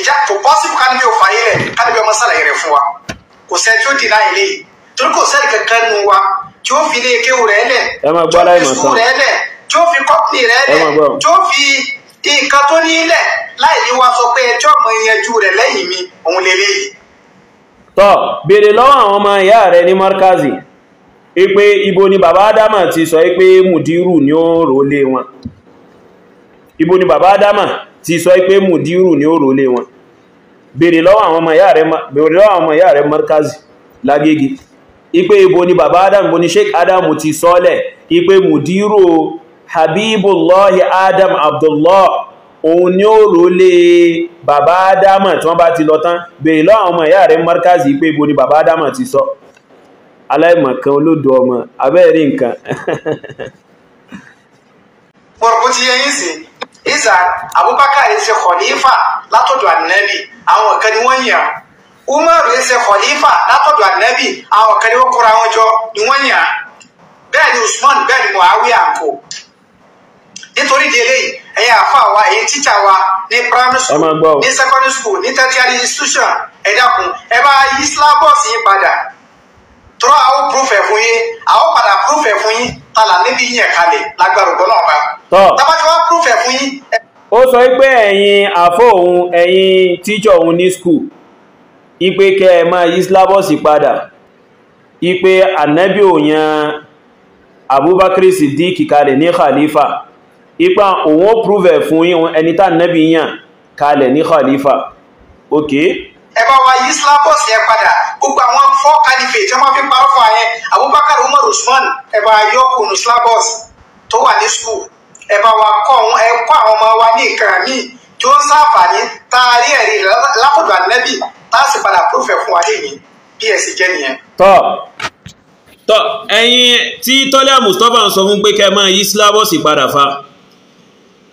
ìjà kò pọ́sibú káni bí o fà yé rẹ̀ káni bí ọmọ sàlàyé rẹ̀ fún wa kò sẹ́ni tí ó dì láyé léyìí torí kò sẹ́ni kankan nu wa tí ó fi ilé kéwù rẹ̀ lẹ̀ tí ó fi sùkúù rẹ̀ lẹ̀ tí ó fi kọ́pìnì rẹ̀ lẹ̀ tí ó fi nǹkan tó ní lẹ̀ láì ní wa sọ pé ẹjọ́ ọmọ ìyẹnjú rẹ̀ lẹ́yìn mi òun lè léyìí. tọ́ béèrè lọ́wọ́ àwọn ọmọ ìyá rẹ̀ ní mọ́rkázi pé ibo ni baba ádámà ti sọ pé mùdírù ni ó rò lé wọn ibo ni baba ádámà ti sọ pé mùdírù ní òrò lé wọn bèèrè lọ́wọ́ àwọn ọmọ ìyá rẹ̀ markazi lágégi ipé ibo ni bàbá adam bo ni sheik adam ti sọ́lẹ̀ ipé mùdírù habibullahi adam abdullah òun ni ó rò lé bàbá adam tí wọ́n bá ti lọ tán bèèrè lọ́wọ́ ọmọ yẹ yín sí Isa, abubakar yìí ṣe khalifa látọ̀dọ̀ ànábì àwọn kan ni wọ́n yàn umaru yìí ṣe khalifa látọ̀dọ̀ ànábì àwọn kan ni wọ́n kóra wọn jọ ni wọ́n yàn bẹ́ẹ̀ ni usman bẹ́ẹ̀ ni muawiya kò nítorí di eléyìí ẹ̀yin wa ẹ̀yin tíjà wa ní primary school ní secondary school ní tertiary institution ẹ dákun ẹ bá yí syllabus yín padà tọ́lá àwọn proof ẹ̀ fún yín àwọn padà proof ẹ̀ fún yín tààlà níbi yín ẹ̀ kalẹ̀ lágbára ògbọ́n náà tọ́ ó sọ wípé ẹ̀yin àfọ́ òun ẹ̀yin tíjọ òun ní skul ipé kẹ ẹ máa yí sílábọ̀sì padà ipé ànábì òyàn Abubakar Siddiq kalẹ̀ ní khalifa ipa òun ó prúfẹ̀ fún ẹni tá ànábì yàn kalẹ̀ ní khalifa ok ẹ bá wa yí sílábọ̀sì ẹ padà gbogbo àwọn fọ́ kálífẹ̀ẹ́ tí wọ́n fi parọ́ fún àyẹn Abubakar Umar Usman ẹ bá yọkùnù sílábọ̀sì tó wà ní skul ẹ bá wa kọ́ ọ̀hún ẹ kọ́ àwọn ọmọ wa ní nǹkan míì tí ó ń sáfàní tá a rí ẹ̀rí lápòdùn ànábì tá a sì padà pòfẹ́ fún wa lẹ́yìn bí ẹ sì jẹ́ nìyẹn. tọ́ tọ́ ẹ̀yin tí tọ́lá mustapha ń sọ fún pé kẹ́ ẹ máa yí sílábọ̀sì padà fa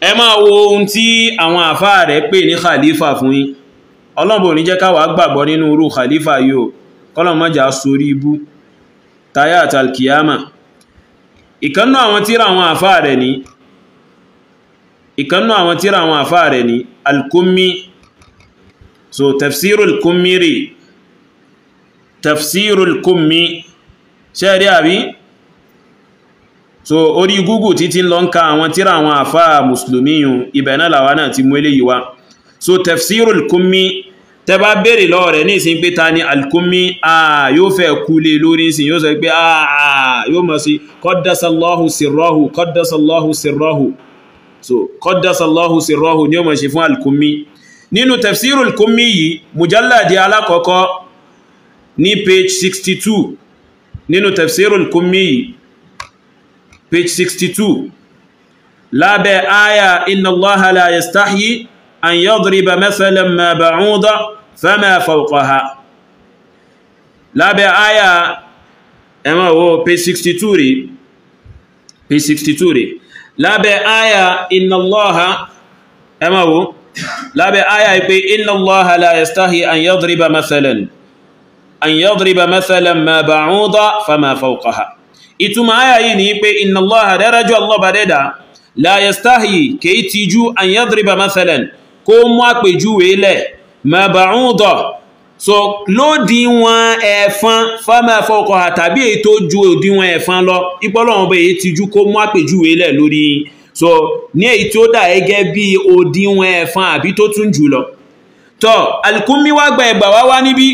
ẹ máa wo ohun tí àwọn àfáà rẹ̀ pè ní khalifa fún yín ọlọ́bọ̀ ní jẹ́ káwàá gbàgbọ́ nínú irú khalifa yóò kọ́lọ̀mọ́jà sórí ibú tayat alkiyama ìkannú àwọn tíra àwọn àfáà rẹ̀ ní ìkannú àwọn tíra àwọn àfá rẹ̀ ni al-kummi so tafsirul kummi rí tafsirul kummi ṣe rí àbí so orí google títí lọ ń ka àwọn tíra àwọn àfá musulmi yùn ibẹ̀ náà náà ti mú eléyìí so tafsirul kummi tẹ bá béèrè lọ rẹ̀ ní ìsin pé ta ni al-kummi yóò fẹ́ kúlé lórí ìsin yóò sọ pé àà yóò mọ̀ sí qaddasallahu sirrahu qaddasallahu sirrahu so qaddasallahu sirrahu ní o mọ̀ ṣe fún al-Kummi nínú tafsiru al yìí mujalladi alákọ̀ọ́kọ́ ní page 62 nínú tafsiru al yìí page 62 lábẹ́ aya inna Allaha la yastahyi an yadriba mathalan ma ba'uda fama fawqaha lábẹ́ aya ẹmọ́ wo page 62 rí page 62 rí lábẹ́ àyà inna Allaha ẹ máa wò lábẹ́ àyà pé inna Allaha la yastahi an yadriba mathalan an yadriba mathalan ma ba'uda fama fawqaha ìtumọ̀ àyà yìí ni pé inna Allaha dárajú Allah bá dẹ́dà la yastahi kèé tijú an yadriba mathalan kó mú so lódiwọ̀n ẹ̀fọn fama fọkọ̀ àtàbí ètò ju òdiwọ̀n ẹ̀fọn lọ ìpọ́lọ̀wọ̀n bẹ̀yẹ ti jú kó mú àpèjúwe lẹ̀ lórí so ní èyí tí ó dà gẹ́gẹ́ bí òdiwọ̀n ẹ̀fọn àbí tó tún jù lọ tọ́ alìkúnmí wá gba ẹ̀gbà wá wá níbí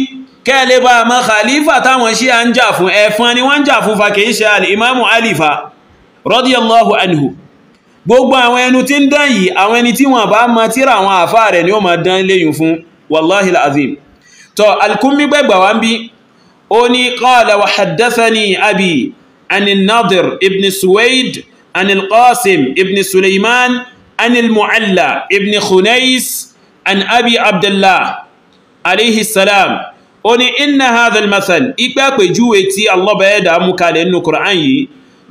kẹ́ẹ̀lẹ́ bá àmọ́ khalifa táwọn ṣí à ń jà fún ẹ̀fọn ni wọ́n ń jà fún fa kìí ṣe alìmáàmù alifa radiyallahu anhu gbogbo àwọn ẹnu tí ń dán yìí àwọn ẹni tí wọ́n bá mọ tíra àwọn àfáà rẹ̀ ni ó máa dán léyìn fún wallahi tọ́ alkúnmí gbẹ̀gbà wá ń bí ó ní qala wa haddathani abi anil nadir ibn suwaid anil qasim ibn suleiman anil mu'alla ibn khunais an abi abdullah alayhi salam ó ní inna hadha al-mathal ipẹ́ àpèjúwe tí allah bẹ̀ẹ́ dàmú kalẹ̀ nínú qur'an yìí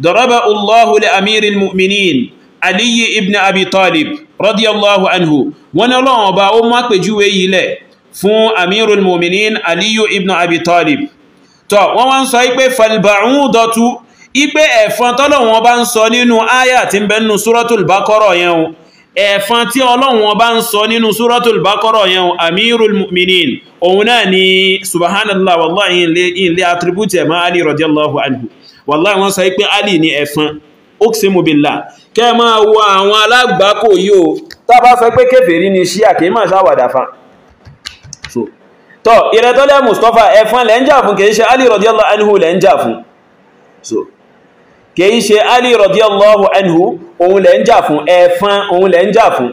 ضربه الله لأمير المؤمنين علي ابن أبي طالب رضي الله عنه ونلعب وما كجوه إليه fún amirul mominin aliyu ibn abi talib tọ́ wọ́n wá ń sọ ipé falba'udatu ipé ẹ̀fọn tọ́lọ̀wọ́n bá ń sọ nínú áyà tí ń bẹ nínú súrọ́tùl bákọ́rọ̀ yẹn ẹ̀fọn tí ọlọ́wọ́n bá ń sọ nínú súrọ́tùl bákọ́rọ̀ yẹn amirul mominin òun náà ni subhanallah wallahi ilé attribute ẹ̀mọ́ ali radiyallahu anhu wallahi wọ́n sọ ipé ali ni ẹ̀fọn oxymobila kẹ́ máa wo tọ́ ìrẹ́tọ́lẹ̀ Mustafa ẹ̀fán lẹ́njà fún kìí ṣe Ali radiyallahu anhu lẹ́njà fún so kìí ṣe Ali radiyallahu anhu òun lẹ́njà fún ẹ̀fán òun lẹ́njà fún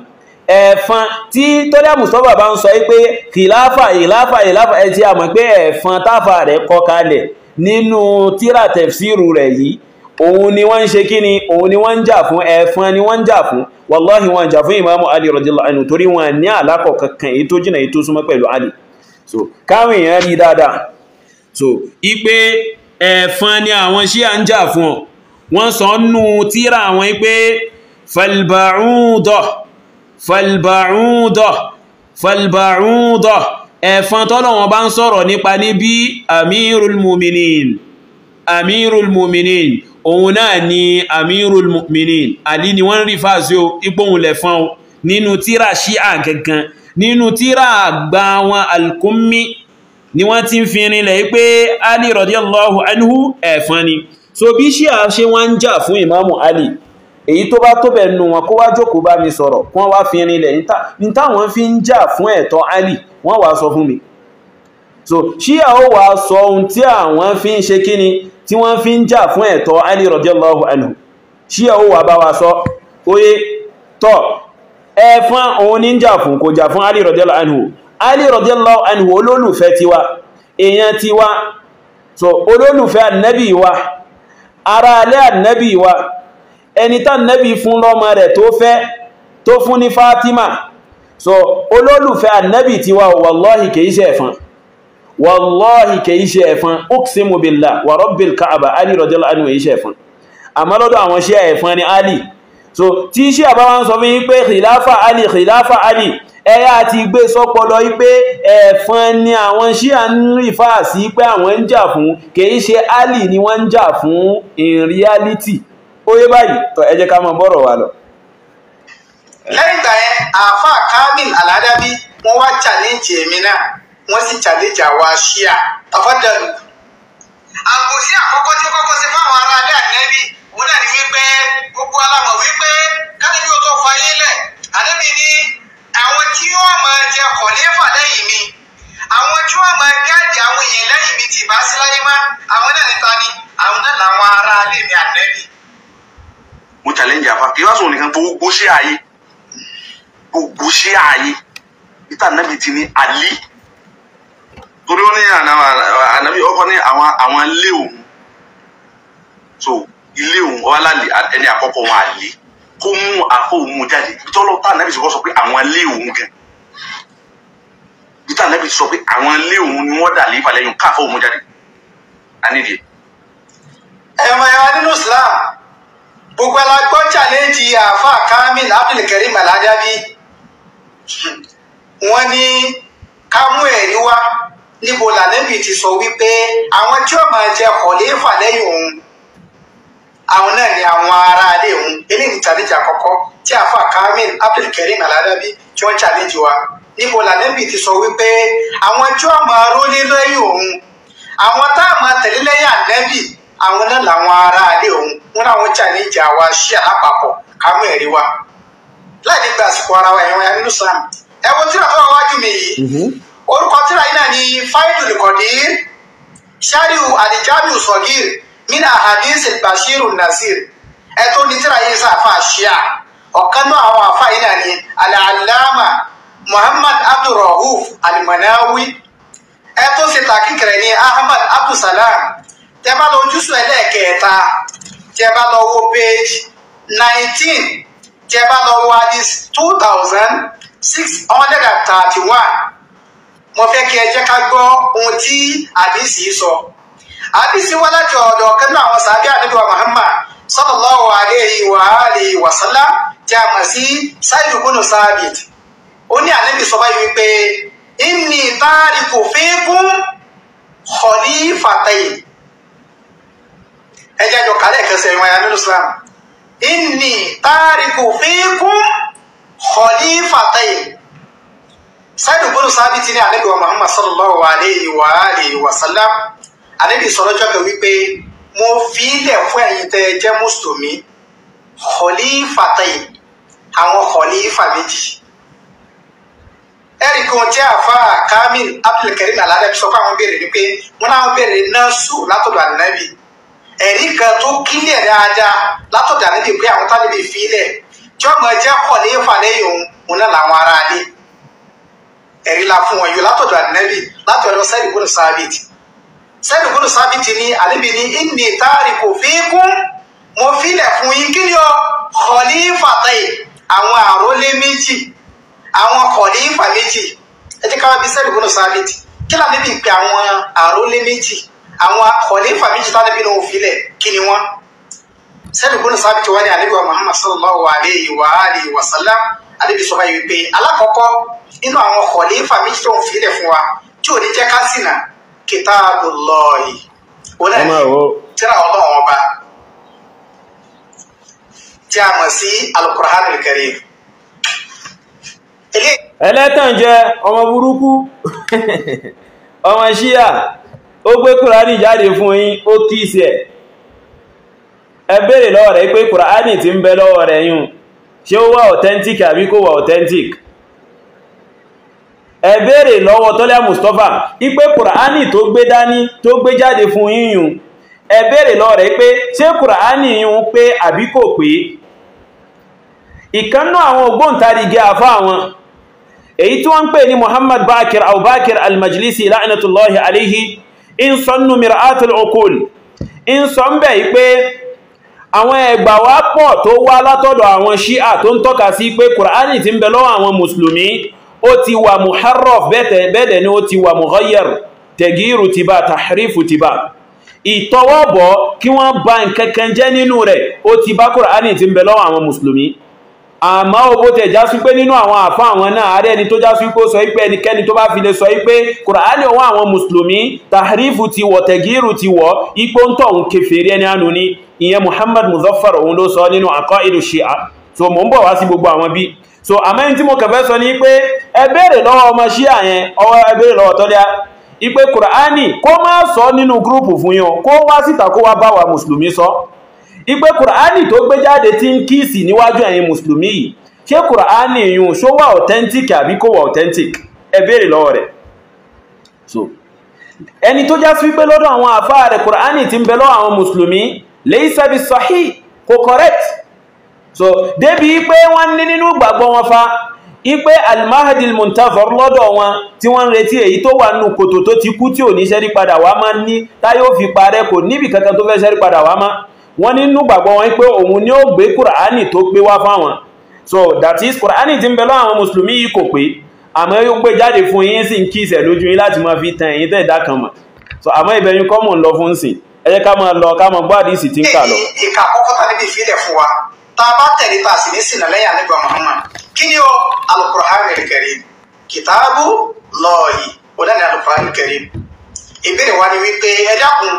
ẹ̀fán tí tọ́lẹ̀ Mustafa bá ń sọ pé kìláfà ìláfà ìláfà ẹ̀ tí a mọ̀ pé ẹ̀fán táfà rẹ̀ kọ kalẹ̀ nínú tíra tẹ̀fsíru rẹ̀ yìí òun ni wọ́n ń ṣe kí ni òun ni wọ́n ń jà fún ẹ̀fán wallahi wọ́n jà fún Imamu Ali radiyallahu anhu torí wọn ní àlákọ̀ kankan èyí tó jìnà èyí tó súnmọ́ pẹ̀lú Ali so káwọn èèyàn rí dáadáa so ipe ẹ̀fọn ni àwọn ṣíà ń jà fún ọ wọ́n sọ nù tíra àwọn ipe falba'udah falba'udah falba'udah ẹ̀fọn tọ́lọ̀wọ́n bá ń sọ̀rọ̀ nípa ní bí amirul muminin amirul muminin òun náà ni amirul muminin ni wọ́n rí fàáṣí o ipò òun lẹ̀fọn nínú tíra ṣíà gangan nínú tíra àgbà wọn al-Kummi ni wọ́n ti ń fi rinlẹ̀ pé Ali radiyallahu anhu ẹ̀fán ni so bí ṣí à ṣe wọ́n ń jà fún Imamu Ali èyí tó bá tó bẹ̀nu wọn kó wá jókòó bá mi sọ̀rọ̀ kí wá fi rinlẹ̀ ní táwọn fi ń jà fún ẹ̀tọ́ Ali wọ́n wá sọ fún mi so ṣíyà ó wà sọ ohun tí àwọn fi ń ṣe kíni tí wọ́n fi ń jà fún ẹ̀tọ́ Ali radiyallahu anhu ṣíyà ó wà bá wa sọ oye tọ́ ẹfán òun ní jà fún kò jà fún Ali radiyallahu anhu Ali radiyallahu anhu olólùfẹ́ tiwa èèyàn tiwa so olólùfẹ́ annabi wa ara alẹ́ annabi wa ẹni tá annabi fún lọ́mọ rẹ̀ tó fẹ́ tó fún ní Fatima so olólùfẹ́ annabi tiwa wallahi kìí ṣe ẹ̀fán wallahi kìí ṣe ẹ̀fán uksimu billah wa rabbil ka'aba Ali radiyallahu anhu yìí ṣe ẹ̀fán so tí iṣẹ́ àbá wá ń sọ fún yín pé khilafa ali khilafa ali ẹ̀yà àti ìgbé sọpọlọ wípé ẹ̀fọn ni àwọn ṣíà ń rí fáà sí pé àwọn ń jà fún kìí ṣe ali ni wọ́n ń jà fún in reality ó yé báyìí tọ́ ẹ jẹ́ ká mọ bọ́rọ̀ wa lọ. lẹ́yìn ìgbà yẹn àáfàá kamil aládàbí wọ́n wá challenge èmi náà wọ́n sì challenge àwa ṣíà tafadalu. àbòsí àkọ́kọ́ tí kọ́kọ́ sí fáwọn ará adé ànẹ́bí òun náà ni wípé gbogbo alámọ̀ wípé kánibí o tó fa yé lẹ̀ àdébí ni àwọn tí wọ́n máa jẹ kọ̀lẹ́fà lẹ́yìn mi àwọn tí wọ́n máa gáàdì àwọn èèyàn lẹ́yìn mi ti bá sí láyé má àwọn náà níta ni àwọn náà làwọn ará ilé mi ànẹ́bí. mo challenge àfa kí wọ́n sọ nìkan tó gbó sí ààyè gbogbo sí ààyè peter nabi ti ní àlè torí ó ní ànábi àwọn ilé òun so ilé òun ọlá ẹni àkọ́kọ́ wọn àlè kó mú àpò òun jáde tọ́lọ́ tá ànábì sọ pé àwọn ilé òun gan peter ànábì sọ pé àwọn ilé òun ni wọ́n dà lé ìfàlẹ́ yìí káfọ́ òun jáde ànídìí. ẹ̀mọ ẹ̀wà nínú Islam gbogbo ẹ̀la gbọ́ challenge àfa kamil abdulkareem aladabi wọ́n ní ká ẹ̀rí wá níbo lànàbì ti sọ wípé àwọn tí ó máa jẹ kọ̀ọ̀lẹ́fà lẹ́yìn òun àwọn náà ni àwọn ará ilé òun eléyìí challenge àkọ́kọ́ tí àfa kamil abdulkareem aladabi tí wọ́n challenge wa níbo ti sọ wípé àwọn tí wọ́n lẹ́yìn òun àwọn tá a máa tẹ̀lé lẹ́yìn ànẹ́bì àwọn náà làwọn ará ilé òun wọn làwọn challenge àwa ṣí gba àsìkò ara wa ẹ̀wọ̀n yẹn nínú wájú mhm. orúkọ tíra náà ni fáìlì mina hadith bashiru nasir ẹ tó ní tíra yìí sáfà ṣíà ọ̀kan náà àwọn àfa yìí náà ni alàlámà muhammad abdulrahuf alimanawi ẹ tó ṣe tàkìkẹrẹ ní ahmad abdulsalam tẹ bá lọ ojúṣu ẹlẹ́ẹ̀kẹta tẹ bá lọ wo page nineteen tẹ bá lọ wo hadith two thousand six hundred and thirty one mo fẹ́ kí ẹ jẹ́ ká gbọ́ ohun tí hadith sọ. So àdìsí wá láti ọ̀dọ̀ ọ̀kan náà àwọn sàbí àdúgbò Muhammad sallallahu alayhi wa alihi wa sallam tí a mọ̀ sí sáyidù bùnú sábìt ó ní ànábì sọ báyìí wípé inni tariku fikum khalifatayn ẹjẹ́ àjọ kálẹ̀ kẹsẹ̀ ìwọ̀n ya nínú Islam inni tariku fikum khalifatayn sáyidù bùnú sábìt ní ànábì wa Muhammad sallallahu alayhi wa alihi wa sallam ànábì sọ lọ́jọ́ kan wípé mo fi ilẹ̀ fún ẹ̀yin tẹ́ jẹ́ mùsùlùmí kọ̀lífà tẹ̀yìn àwọn kọ̀lífà méjì ẹ̀rí kan tí àfa kamil abdulkarim aládàbí sọ fún àwọn béèrè ni wọn náà béèrè náà sùn látọ̀dọ̀ ànábì ẹ̀rí kan tó kílẹ̀ dáadáa látọ̀dọ̀ ànábì pé àwọn tálẹ́bì fi ilẹ̀ tí ọmọ jẹ́ kọ̀lífà lẹ́yìn òun náà làwọn ará ilé ẹ̀rí la fún wọn yóò látọ̀dọ̀ ànábì látọ̀dọ̀ sẹ́ẹ̀lì gbọ́dọ̀ sábẹ́ẹ̀tì sẹ́ni gbọ́dọ̀ sábìtì ni àdébì ni ìní táàrí kò fi kún mo filẹ̀ fún yín kí ni ọ kọ̀lífàtẹ́ àwọn àrólé méjì àwọn kọ̀lífà méjì ẹ jẹ́ káwá bí sẹ́ni gbọ́dọ̀ sábìtì kí làdé bí pé àwọn àrólé méjì àwọn kọ̀lífà méjì tá àdébì náà filẹ̀ kí ni wọ́n sẹ́ni gbọ́dọ̀ sábìtì wá ní àdébì wa Muhammad sallallahu alayhi wa alihi wa sallam àdébì sọ báyìí wípé alákọ̀ọ́kọ́ inú àwọn kọ̀lífà méjì tó ń filẹ̀ fún wa tí ò ní jẹ́ ká kìtàbù lọ́ọ̀yì onáyìí tíra ọlọ́run ọba tí a mọ̀ sí alukur'an kẹrì ẹlẹ́tàn jẹ́ ọmọ burúkú ọmọ ṣíyà ó gbé kùránì jáde fún yín ó kíìsì ẹ̀ ẹ béèrè lọ́wọ́ rẹ̀ pé kùránì tí ń bẹ lọ́wọ́ rẹ̀ yùn ṣé ó wà authentic àbí kò wà authentic ẹ béèrè lọ́wọ́ tọ́lá mustapha ipé kùránì tó gbé dání tó gbé jáde fún yíyùn ẹ béèrè lọ́wọ́ rẹ̀ pé ṣé kùránì yíyùn pé àbí kò pé ìkannú àwọn ògbóǹtarìgì àfá àwọn èyí tí wọ́n pè ní muhammad bakir abubakir almajlisi la'inatullahi alihi in sọ́nù mir'atul okul in sọ ń bẹ̀ pé àwọn ẹgbà wá pọ̀ ó ti wà muharraf bẹ́ẹ̀dẹ̀ ni ó ti wà mughayyar tẹ̀gírù ti bá tàhrífù ti bá ìtọwọ́bọ̀ kí wọ́n ba nkankan jẹ́ nínú rẹ̀ ó ti bá Kùránì ti ń bẹ lọ́wọ́ àwọn mùsùlùmí àmọ́ owó tẹ̀ já sí pé nínú àwọn àfá àwọn náà ààrẹ ẹni tó já sí pé ó sọ pé ẹnikẹ́ni tó bá fi lè sọ pé Kùránì ọwọ́ àwọn mùsùlùmí tàhrífù ti wọ̀ tẹ̀gírù ti wọ̀ ipò ń tọ̀ ń kèfèrí ẹni àánú ni ìyẹn Muhammad Muzaffar òun ló sọ nínú Aqaidu Shia so mò ń bọ̀ wá sí gbogbo àwọn bíi so àmẹ́yìn tí mo kẹfẹ́ sọ pé ọmọ ṣíà yẹn ọwọ́ ẹ béèrè lọ́wọ́ ipe kùránì kó má sọ nínú gúrùpù fún yín kó wá síta kó wá bá wa mùsùlùmí sọ ipe kuraani tó gbé jáde tí ń kíìsì níwájú ẹ̀yin mùsùlùmí yìí ṣé yun ṣó wà authentic àbí wà authentic lọwọ so ẹni tó já sí pé lọ́dọ̀ àwọn àfáà rẹ̀ ti ń bẹ àwọn mùsùlùmí so débi pé wọ́n ní nínú ìgbàgbọ́ wọn fa ipe almahadil muntazor lọ́dọ̀ wọn tí wọ́n ń retí èyí tó wà nù kòtò tó ti kú tí ò ní ṣẹ́rí padà wá máa ní táyọ̀ fi parẹ́ kò níbi kankan tó fẹ́ ṣẹ́rí padà wá máa wọ́n nínú gbàgbọ́ wọn pé òun ni ó gbé kùránì tó gbé wá fáwọn so that is kùránì tí ń bẹ lọ́wọ́ àwọn mùsùlùmí yìí kò pé àmọ́ yóò gbé jáde fún yín sí ń kí ìṣẹ̀ lójú yín láti máa fi tan èyí tẹ́ ìdá kan mọ̀ so àmọ́ ìbẹ̀yìn kọ́mọ̀ ń lọ fún sìn ẹ jẹ́ ká máa lọ ká máa gbọ́ àdìsí tí ń kà lọ. ìkà àkọ́kọ́ tàbí ìfilẹ̀ fún wa tá a bá tẹ̀lé tá a sì ní sìnà lẹ́yìn àlẹ́gbà Muhammad kí ni o alukur'an al-karim kìtàbù lọ́ọ̀yì onáni alukur'an al-karim ìbéèrè wa ni wípé ẹ dákun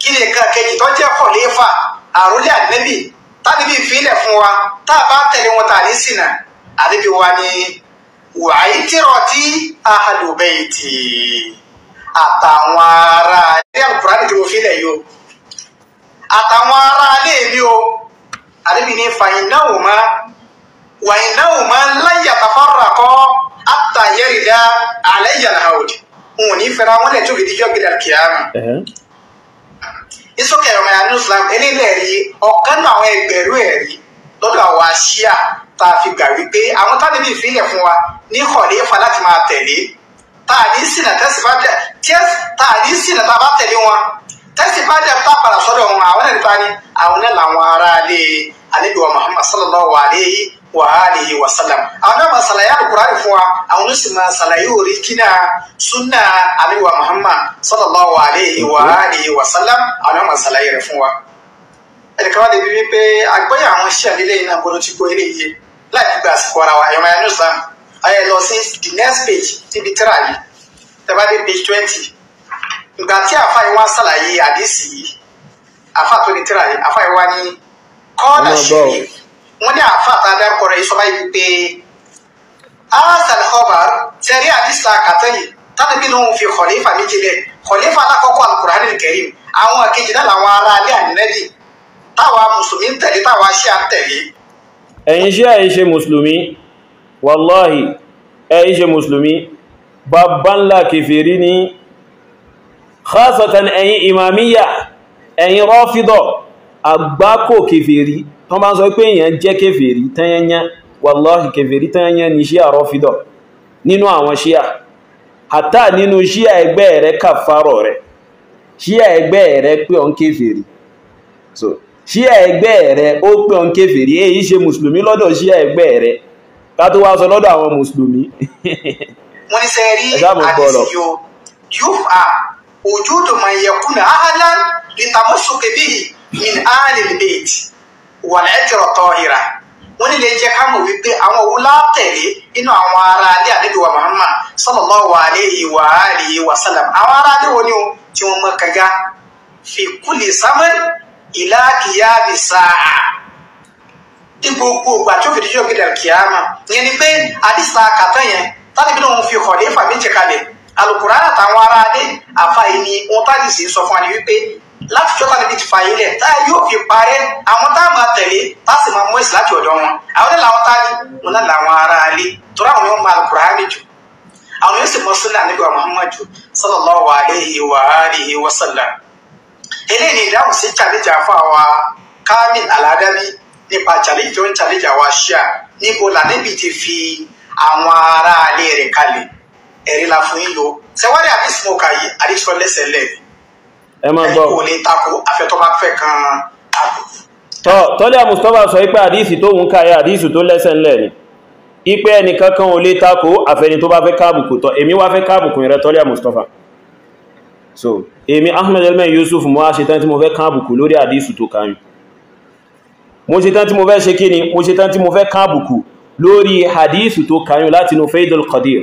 kí ni nǹkan kejì tó jẹ́ kọ̀léfà àròlé ànábì tánibí fílẹ̀ fún wa tá a bá tẹ̀lé wọn tá a ní sìnà ànábì wa ni wàáyí tìrọ̀tì ahàlùbẹ́ẹ̀tì àtàwọn ará ilé alukur'an kí mo fílẹ̀ yìí o àtàwọn ará ilé mi o àdébí ní fàyínáwòmá wàyínáwòmá láyàtàfàràkọ́ àtàyẹ̀rìdá àlẹ́yàláhàwòdì wọn ò ní fẹ́ra wọn lẹ̀ tó fi dijọ́ gbé dàrú kìámù. ìsókè ọmọ ya ní Islam eléyìí rí ọ̀kan náà àwọn ẹgbẹ̀rún ẹ̀rí lọ́dọ̀ àwọn àṣìá tá a fi gbà wípé àwọn tánibí ìfilẹ̀ fún wa ní kọ̀lẹ́fà láti máa tẹ̀lé tá a ní sínà tẹ́sí bá tẹ̀ tí tá a ní sínà tá a bá tẹ̀lé tẹ́sí bá dẹ̀ bá padà sọ́dọ̀ wọn àwọn ẹ̀rí bani àwọn náà làwọn ará ilé àlejò wa Muhammad sallallahu alayhi wa alihi wa sallam àwọn náà máa ṣàlàyé alukurani fún wa àwọn náà sì máa ṣàlàyé orí kíná sunna àlejò Muhammad sallallahu alayhi wa alihi wa sallam àwọn náà máa ṣàlàyé rẹ̀ fún wa. ẹnìkan wá débi wípé agbẹ́yà àwọn iṣẹ́ àlélẹ́ yìí náà gbọ́dọ̀ ti gbọ́ eléyìí láì gbígbà àsìkò ara wa ẹ̀rọ ayé lọ sí the next page níbi tíra tẹ́ bá dé page twenty ìgbà tí àfa yìí wá ń ṣàlàyé àdìsí yìí àfa tó ní tíra yìí àfa yìí wá ní kọ́ọ̀dà ṣèlè wọ́n ní àfa tá a dárúkọ rẹ̀ ìṣọ́ba yìí pé azal khobar sẹ́rí àdìsí la kàtẹ́ yìí tánàbí ló ń fi khalifa méjì lẹ̀ khalifa alákọ̀ọ́kọ́ alukurani karim àwọn kejì náà làwọn ará alẹ́ ànínẹ́dì táwa mùsùlùmí tẹ̀lé táwa ṣíà ń tẹ̀lé. ẹ̀yin ṣíà yìí ṣe mùsùlùmí wàláhì ẹ̀yin ṣe mùsùlùmí bàbá ńlá kèfèrí ni khasatan ẹ̀yin imamiya ẹ̀yin rọ́fídọ̀ àgbákò kèfèrí tán bá ń sọ pé èyàn jẹ́ kèfèrí tanyanya wallahi kèfèrí tanyanya ni ṣíà rọ́fídọ̀ nínú àwọn ṣíà àtà nínú ṣíà ẹgbẹ́ rẹ̀ kàfàrọ̀ rẹ̀ ṣíà ẹgbẹ́ rẹ̀ pé ọ̀n kèfèrí so ṣíà ẹgbẹ́ rẹ̀ ó pé ọ̀n kèfèrí èyí ṣe mùsùlùmí lọ́dọ̀ ṣíà ẹgbẹ́ rẹ̀ ká wá sọ lọ́dọ̀ àwọn mùsùlùmí wujudu man yakunu ahlan litamusuki bihi min alil bayt wal itra tahira wọ́n ní lè jẹ́ ká mọ̀ wípé àwọn òun látẹ̀lé inú àwọn ará alẹ́ àdébí wa Muhammad sallallahu alayhi wa alihi wa sallam àwọn ará alẹ́ wo ni o tí wọ́n mọ kàga fi kulli zaman ila qiyabi sa'a ní gbogbo ògbà tí ó fi dijọ́ gidal kìámà yẹn ni pé àdìsá kàtọ́ yẹn tàbí bí wọ́n fi kọ̀lé fàmí jẹ kalẹ̀ Alukura àtàwọn ará adé àfààyè ni wọn táàdì sí sọ fún wa ni wípé láti jọ́ta níbi ti fààyè lẹ̀ tá a yóò fi parẹ́ àwọn tá a máa tẹ̀lé tá a sì máa mú ẹ̀sìn láti ọ̀dọ̀ wọn àwọn náà làwọn táàdì wọn náà làwọn ará alé torí àwọn yóò máa alukuraana jù àwọn yóò sì mọ sílẹ̀ níbi wa muhammadu sallallahu alayhi wa alihi wa sallam eléyìí ni ìdáhùn sí challenge àfa wa kamil aladami nípa challenge tó ń challenge àwa ṣíà níbo làníbi ti fi àwọn ará alé rẹ̀ kalẹ̀ ẹ̀rí la fún yín lò sẹ́wádìí àbí smoke ayé adéṣọ́ lẹ́sẹ̀ lẹ́ẹ̀mí. ẹ máa gbọ́ ẹ̀yin kò ní takò afẹ́tọ́ba fẹ́ kan takò. tọ́ tọ́lẹ̀ mustapha sọ pé àdíìsì tó ń ka ẹ àdíìsì tó lẹ́sẹ̀ ńlẹ̀ ni ipe ẹnìkan kan ò lè takò àfẹni tó bá fẹ́ káàbùkù tọ́ èmi wá fẹ́ káàbùkù rẹ tọ́lẹ̀ mustapha so èmi ahmed elmen yusuf mo wá ṣetán tí mo fẹ́ káàbùkù lórí àdíìsì tó kàn yín mo ṣetán tí mo fẹ́ ṣe kí ni mo ṣetán tí mo fẹ́ káàbùkù lórí hadithu tó kàn yín látinú faidul qadir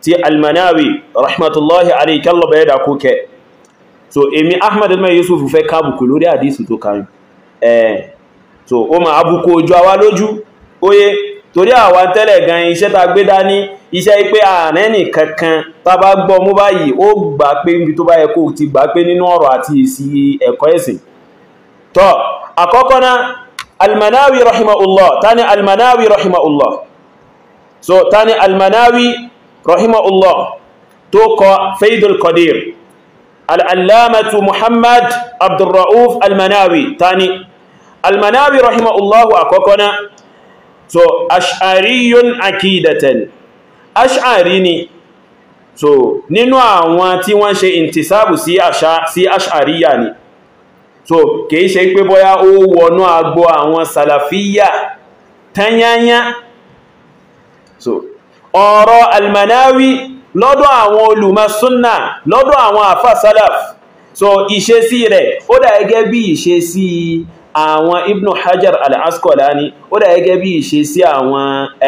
ti almanawi rahmatullahi alayhi kallo bai da ko so èmi ahmad mai yusuf fẹ́ kabuku lórí hadisi tó kan eh so ó ma abuko ojú àwa lójú oye torí àwa tẹ́lẹ̀ gan iṣẹ́ tá gbé dání iṣẹ́ ipe are ni kankan tá bá gbọ́ mú báyìí ó gbà pé nbi tó bá yẹ kó ti gbà pé nínú ọ̀rọ̀ àti esi ẹ̀kọ́ ẹ̀sìn tó àkọ́kọ́ ná almanawi rahimahullah tani almanawi rahimahullah so tani almanawi rahimahullah tó kọ faidul qadir al'allamatu muhammad abdurra'uf almanawi tani almanawi rahimahullahu àkọ́kọ́ na so ash'ariyun akidatan ash'ari ni so nínú àwọn tí wọ́n ṣe intisabu sí àṣà sí ash'ariya ni so kìí ṣe pé bóyá ó wọnú agbo àwọn salafiyya tanyanya so ọ̀rọ̀ almanawi lọ́dọ̀ àwọn olùmọ̀ súnnà lọ́dọ̀ àwọn àfà so ìṣesí rẹ̀ ó dà gẹ́gẹ́ bí ìṣesí àwọn ibn hajar al-asqalani ó dà gẹ́gẹ́ bí ìṣesí àwọn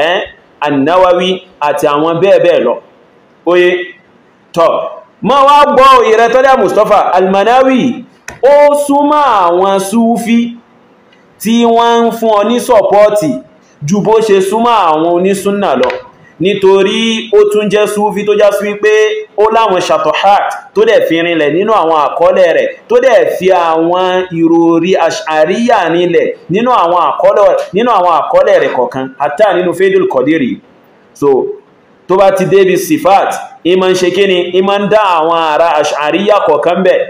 ẹ́n annawawi àti àwọn bẹ́ẹ̀ bẹ́ẹ̀ lọ oye tọ́ ma wá gbọ́ ìrẹ́tọ́lẹ̀ mustapha almanawi ó súnmọ́ àwọn súfí tí wọ́n ń fún ọ ní sọ̀pọ́ọ̀tì ju bó ṣe súnmọ́ àwọn onísúnnà lọ nítorí ó tún jẹ́ súfí tó já sí wípé ó láwọn ṣàtọ̀hát tó dẹ̀ fi rinlẹ̀ nínú àwọn àkọọ́lẹ̀ rẹ̀ tó dẹ̀ fi àwọn ìròrí àríyà nílẹ̀ nínú àwọn àkọọ́lẹ̀ rẹ̀ kọ̀ọ̀kan àtà nínú fẹ́dùl kọ̀dírì so tó bá ti débi sifat ìmọ̀ ń ṣe kíni ìmọ̀ ń dá àwọn ará àríyà kọ̀ọ̀kan bẹ̀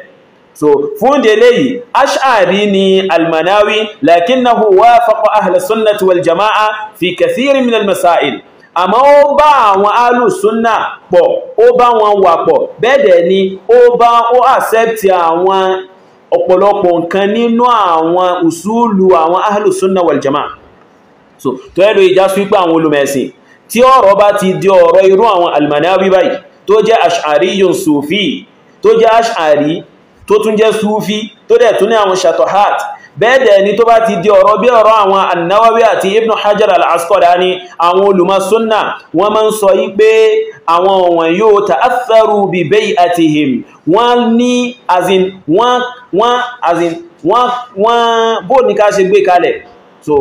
so fún délé yìí ash'ari ni almanawi lakinnahu wafaqa ahla sunnati wal jama'a fi kathirin min al masail àmọ́ ó bá àwọn alùsúnnà pọ̀ ó bá wọn wà pọ̀ bẹ́ẹ̀dẹ̀ ni ó bá ó accept àwọn ọ̀pọ̀lọpọ̀ nǹkan nínú àwọn usulu àwọn alùsúnnà wàljama so tó ẹ̀rọ ìjá sípá àwọn olùmẹ̀sìn tí ọ̀rọ̀ bá ti di ọ̀rọ̀ irú àwọn almanawi ash'ari yun sufi tó ash'ari tó tún jẹ́ sufi tó dẹ̀ tún ní bẹ́ẹ̀dẹ̀ ni tó bá ti di ọ̀rọ̀ bí ọ̀rọ̀ àwọn annawawi àti ibn hajar al-asqalani àwọn olùmọ̀ súnnà wọ́n máa ń sọ yí pé àwọn ọ̀wọ̀n yóò ta'atharu bi bay'atihim wọ́n ní azin wọ́n azin wọ́n bó ní ká ṣe gbé kalẹ̀ so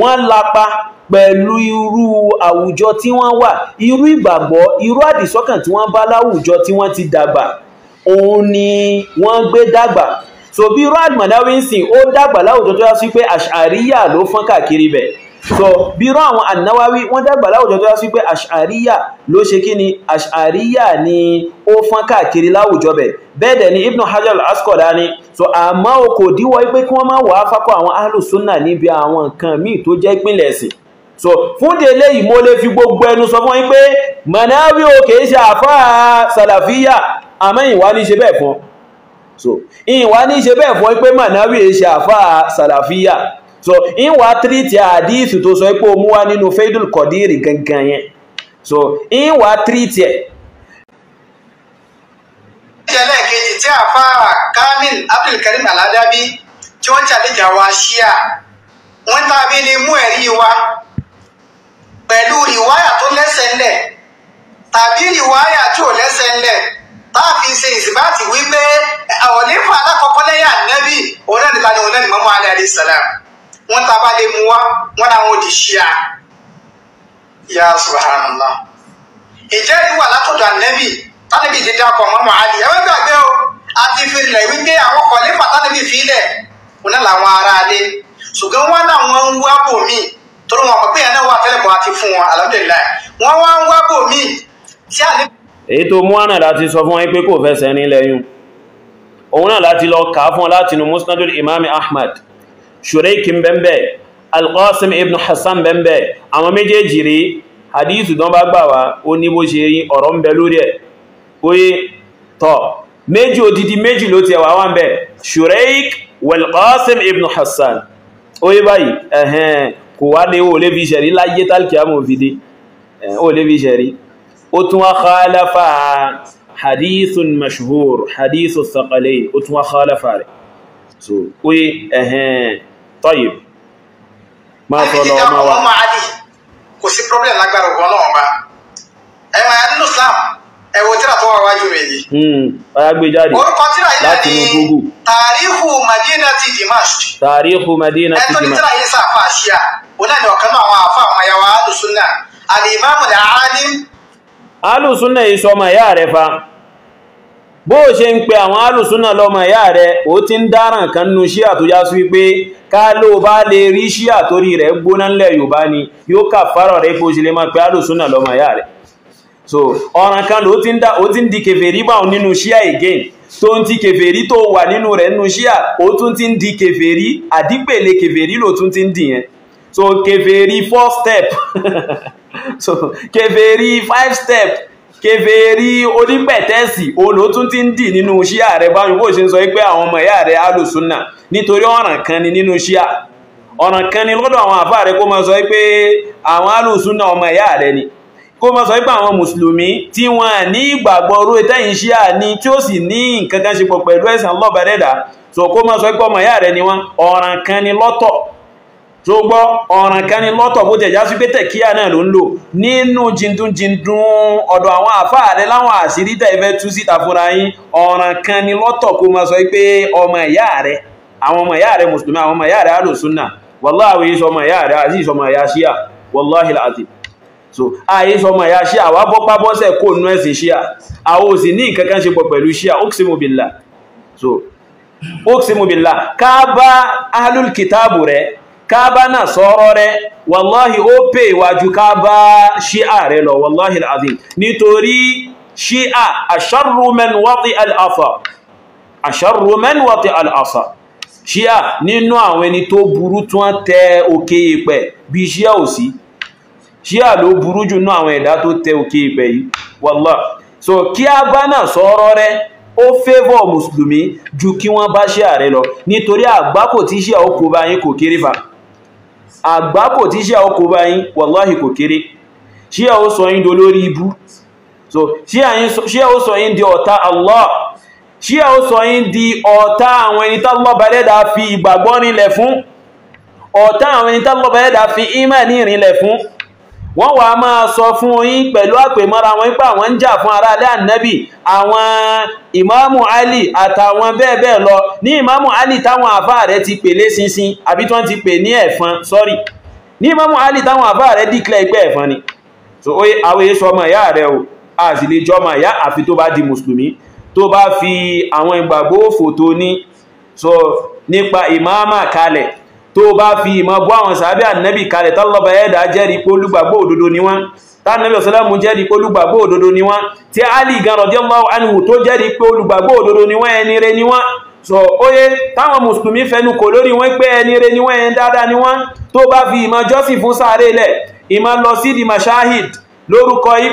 wọ́n lapa pẹ̀lú irú àwùjọ tí wọ́n wà irú ìgbàgbọ́ irú àdìsọ́kàn tí wọ́n bá láwùjọ tí wọ́n ti dàgbà òun ni wọ́n gbé dàgbà so bí irú àlùmọ̀dáwí ń sìn ó dàgbà láwùjọ tó yá sí pé àṣàríyà ló fọ́n káàkiri bẹ̀ so bí irú àwọn ànáwáwí wọ́n dàgbà láwùjọ tó yá sí pé àṣàríyà ló ṣe kí ni àṣàríyà ni ó fọ́n káàkiri láwùjọ bẹ̀ bẹ́ẹ̀ dẹ̀ ni ibn hajar al-asqalani so àmọ́ o kò díwọ́ pé kí wọ́n má wàá fákọ̀ àwọn ahlùsúnà níbi àwọn nǹkan míì tó jẹ́ ìpínlẹ̀ ẹ̀sìn so fún délé yìí mo lè fi gbogbo ẹnu sọ fún yín pé mọ̀náwí o kìí ṣe àfáà sàlàfíyà àmọ́ ìwà ní ṣe bẹ́ẹ̀ fún so ìwà ní ṣe bẹ́ẹ̀ fún pé manawi ṣe àfà sàlàfíà so ìwà tírìtì àdíìsù tó sọ pé òmúwa nínú faidul kọdírì gangan yẹn so ìwà tírìtì ẹ̀. ìṣẹ̀lẹ̀ kejì tí àfà kamil abdulkarim aladabi tí wọ́n ṣàlejò àwa ṣíà wọ́n tàbí lè mú ẹ̀rí wa pẹ̀lú ìwáyà tó lẹ́sẹ̀ ńlẹ̀ tàbí ìwáyà tí ò lẹ́sẹ̀ ńlẹ̀ táàfi ṣe ìsìbáàtì wípé ọ̀lẹ́fà alákọ̀ọ́kọ́ lẹ́yìn ànábì òun náà nìkan ni òun náà ni mọ́mọ́ alẹ́ àdé sàlám wọ́n ta bá lè mú wá wọ́n náà wọ́n di ṣíà yá subhanallah. ìjẹ́ ìwà látọ̀dọ̀ ànábì tánàbì ti dákọ̀ mọ́mọ́ alẹ́ ẹ̀wọ́n gbàgbé o àti ìfìlẹ̀ wípé àwọn ọ̀lẹ́fà tánàbì fílẹ̀ òun náà làwọn ará alẹ́ ṣùgbọ́n wọ́n èyí tó mú ànà láti sọ fún wọn pé kò fẹsẹ̀ ní lẹ́yìn òun náà láti lọ kàá fún láti nù musnadul imam ahmad shuraikin bẹ́m̀bẹ̀ alqasim ibn hassan bẹ́m̀bẹ̀ àwọn méjèèjì rí hadithu dán bá gbà wá ó ní bó ṣe yí ọ̀rọ̀ ń bẹ lórí ẹ̀ oye tọ́ méjì odidi méjì ló ti ẹ̀wà wá ń bẹ shureik walqasim ó tún wá khalafa hadithun mashhur hadithu thaqalayn ó tún wá khalafa rẹ̀ so pé ẹ̀hẹ́n tayyib máa sọ lọ ọmọ wa kò sí problem lágbára ọgbọ́n náà ọba ẹ máa nínú Islam ẹ wo tíra tó wà wájú mi yìí. ọ̀yàgbéjáde hmm, orúkọ tíra yìí ni tàríhù madina ti Dimashq. tàríhù madina ti Dimashq. ẹ̀tọ́ ní sáfà ṣíà òun náà ni ọ̀kan náà àwọn àfa àwọn ayáwa náà al-imam alùsúnà ìsọ ma ìyá rẹ fa bó ṣe ń pe àwọn alùsúnà lọ́mọ ìyá rẹ o ti ń dáràn kan nú ṣíà tó já sí wípé ká ló bá lè rí ṣíà gbóná ni yóò kà fárọ̀ rẹ̀ bó ṣe ma máa alùsúnà lọ́mọ ìyá rẹ so ọ̀ràn kan ló ti ń di kèfèrí báwọn nínú ṣíà again tó ń ti kèfèrí tó wà nínú ṣíà ó tún ti ń di kèfèrí àdígbèlè kèfèrí ló ti ń dì yẹn so kèfèrí four step so kèfèrí five step kèfèrí onípẹ̀tẹ́sì olóò tún ti ń dì nínú ṣíà rẹ báyìí bó ṣe ń sọ pé àwọn ọmọ ìyá rẹ alùsùnà nítorí ọ̀ràn kan ni nínú ṣíà ọ̀ràn kan ni lọ́dọ̀ àwọn àfáà rẹ kó máa sọ pé àwọn alùsùnà ọmọ ìyá rẹ ni kó sọ pé àwọn mùsùlùmí tí ní orú ṣíà ni tí ó sì ní nǹkan kan ṣe so kó sọ pé ọmọ ìyá rẹ ni kan ni tó gbọ́ ọ̀ràn kan ní lọ́tọ̀ bó tẹ̀já sí pé tẹ̀kíyà náà ló ń lò nínú jindúnjindún ọ̀dọ̀ àwọn àfáà rẹ láwọn àṣírí tẹ̀ fẹ́ tú síta fúnra yín ọ̀ràn kan ní lọ́tọ̀ kó máa sọ pé ọmọ ìyá rẹ àwọn ọmọ ìyá rẹ mùsùlùmí àwọn ọmọ ìyá rẹ alùsùnà wàláhì yìí sọmọ ìyá so àyè sọmọ ìyá ṣíà wà bọ́pá bọ́sẹ̀ kó nú ẹ̀sìn ṣíà àwọn so ó sì mú bìlà ká bá rẹ̀ káàbá náà sọ̀rọ̀ rẹ̀ wàláhì ó pè wájú káàbá ṣíà rẹ̀ lọ wàláhì alazim nítorí ṣíà aṣarrumen wati al'afa aṣarrumen wati al'afa ṣíà nínú àwọn ẹni tó burú tí wọ́n tẹ òkè ìpẹ̀ bí ṣíà ò sí ṣíà ló burú jù so kí a bá náà sọ̀rọ̀ rẹ̀ ó fẹ́vọ̀ mùsùlùmí ju kí wọ́n bá ṣíà rẹ̀ lọ nítorí àgbákò tí ṣíà ó kó bá yín kò kéré fà àgbákò tí ṣíà ó kó bá yín wàláhì kò kéré ṣíà ó sọ yín dolórí ibú so ṣíà ó sọ yín di ọ̀tá Allah ṣíà ó sọ yín di ọ̀tá àwọn ẹni tálọ́bàlẹ́dà fi ìgbàgbọ́ rinlẹ̀ fún ọ̀tá àwọn ẹni tálọ́bàlẹ́dà fi ìmánì rinlẹ̀ fún wọ́n wà máa sọ fún yín pẹ̀lú àpèmọ́ra wọn pé àwọn ń jà fún ará alẹ́ ànábì àwọn ìmáàmù alì àtàwọn bẹ́ẹ̀ bẹ́ẹ̀ lọ ní ìmáàmù alì táwọn àfá rẹ̀ ti pè léṣinṣin àbí tí wọ́n ti pè ní ẹ̀fọn sorry ní ìmáàmù alì táwọn àfá rẹ̀ dìklẹ̀ pé ẹ̀fọn ni so oye àwọn èso ọmọ ìyá rẹ̀ o a sì lè jọmọ ìyá àfi tó bá di mùsùlùmí tó bá fi àwọn ìgbàgbọ́ òfò tó ní so nípa ìmáàmà kalẹ̀ tó bá fi ìmọ̀ bú àwọn sàábẹ́ ànẹ́bì kalẹ̀ tọ́lọ́bà ẹ́dà jẹ́rìí pé olùgbàgbọ́ òdodo ni wọ́n tánàbí ọ̀sọ́lẹ́mù jẹ́rìí pé olùgbàgbọ́ òdodo ni wọ́n tí Ali gan radiyallahu anhu tó jẹ́rìí pé olùgbàgbọ́ òdodo ni wọ́n ẹni re ni wọ́n sọ óyé táwọn mùsùlùmí fẹnu kò lórí wọn pé ẹni re ni wọ́n ẹni dáadáa ni wọ́n tó bá fi ìmọ̀ jọ́sìn fún sáré lẹ̀ lórúkọ yí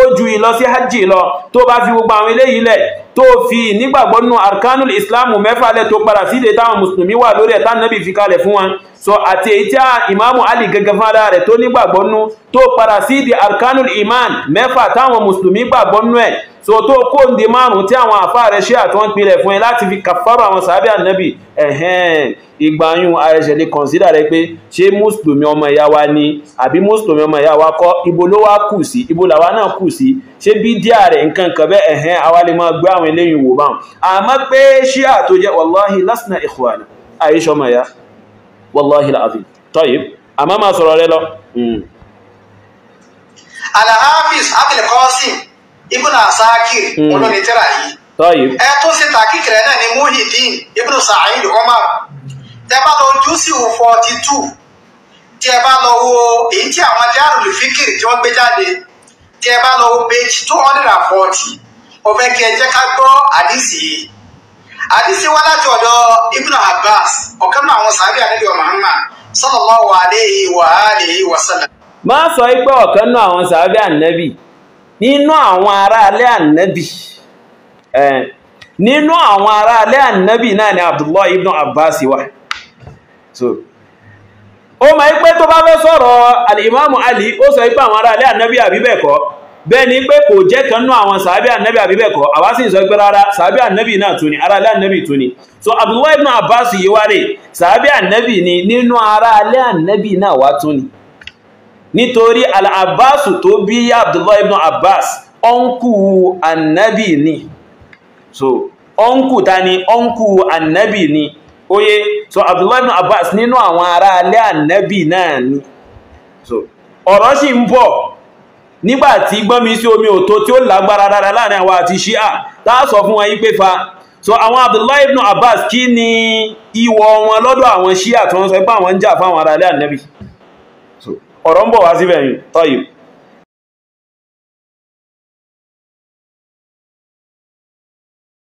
ó ju ìlọ sí hajj lọ tó bá fi gbogbo àwọn eléyìí lẹ̀ tó fi nígbàgbọ́ nínú arkanul islam mẹ́fà lẹ̀ tó padà síde táwọn mùsùlùmí wà lórí ẹ̀ tánàbì fi kalẹ̀ fún wọn so àti èyí tí a ìmáàmù alì gẹ́gẹ́ fún ara rẹ̀ tó nígbàgbọ́ nú tó padà sí di arkanul iman mẹ́fà táwọn mùsùlùmí gbàgbọ́ ẹ̀ so tó kó ń di márùn tí àwọn àfáà rẹ̀ ṣe àtúwọ́n pilẹ̀ fún ẹ láti fi kàfàrọ̀ àwọn sàábì ànábì ẹ̀hẹ́n ìgbàyún àrẹsẹ̀ lè kọ̀nsídà rẹ̀ pé ṣé mùsùlùmí ọmọ ìyá wa ni àbí mùsùlùmí ọmọ ìyá wa kọ́ ibo ló wá kù sí ibo làwa náà kù sí ṣé bí díà rẹ̀ nǹkan kan bẹ́ẹ̀ ẹ̀hẹ́n àwa lè máa gbé àwọn eléyìí wò báwọn àmọ́ pé ṣíà tó jẹ́ wàláhì lásìnà ikhwan àyíṣọ́mọ̀ ya wallahi alazim tayib àmọ́ máa sọ̀rọ̀ rẹ lọ. Hmm. alhafiz abdul qasim ibn asakir olónitẹ́ra hmm. yìí ẹ tó ṣe tàkìkìrẹ́ náà ní muhyiddin ibn sa'id omar tẹ bá lọ jù sí u forty tí ẹ bá lọ wo èyí tí àwọn jáàrùlù fíkìrì tí wọ́n gbé jáde tí ẹ bá lọ wo page two ọ̀fẹ́ kí ẹ jẹ́ ká gbọ́ àdìsí yìí. àdìsí wá láti ọ̀dọ̀ ibn abbas ọ̀kan náà àwọn sàbí ànábì wa muhammad sallallahu alayhi wa alihi wa sallam. má sọ pé ọ̀kan náà àwọn sàbí ànábì nínú àwọn aráalé ànábì nínú àwọn aráalé ànábì náà ni abdullahi ibn abbas wa. so ó máa ń pẹ́ tó bá fẹ́ sọ̀rọ̀ al-imamu ali ó sọ pé àwọn aráalé ànábì àbí bẹ́ẹ̀ bẹ́ẹ̀ ni pé kò jẹ́ kanú àwọn sàábí ànẹ́bì àbíbẹ̀kọ́ àwa sì sọ pé rárá sàábí ànẹ́bì náà tún ni ara alẹ́ ànẹ́bì tún ni so Abdullahi ibn Abbas yìí wá rè sàábí ànẹ́bì ni nínú ara alẹ́ ànẹ́bì náà wá tún ni nítorí al-Abbas tó bí Abdullahi ibn Abbas ọ́nkù ànẹ́bì ni so ọ́nkù ta ni ọ́nkù ànẹ́bì ni oye so Abdullahi ibn Abbas nínú àwọn ara alẹ́ ànẹ́bì náà ni so ọ̀rọ̀ sì ń bọ̀ nígbàtí gbọ́nmi sí omi òtó tí ó lágbára rárá láàrin àwọn àti ṣíà táà sọ fún wọn yí pé fa so àwọn Abdullahi ibn Abbas kí ni ìwọ̀ wọn lọ́dọ̀ àwọn ṣíà tó ń sọ pé àwọn ń jà fáwọn aráalé ànábì ọ̀rọ̀ ń bọ̀ wá síbẹ̀ yìí tọ́yìí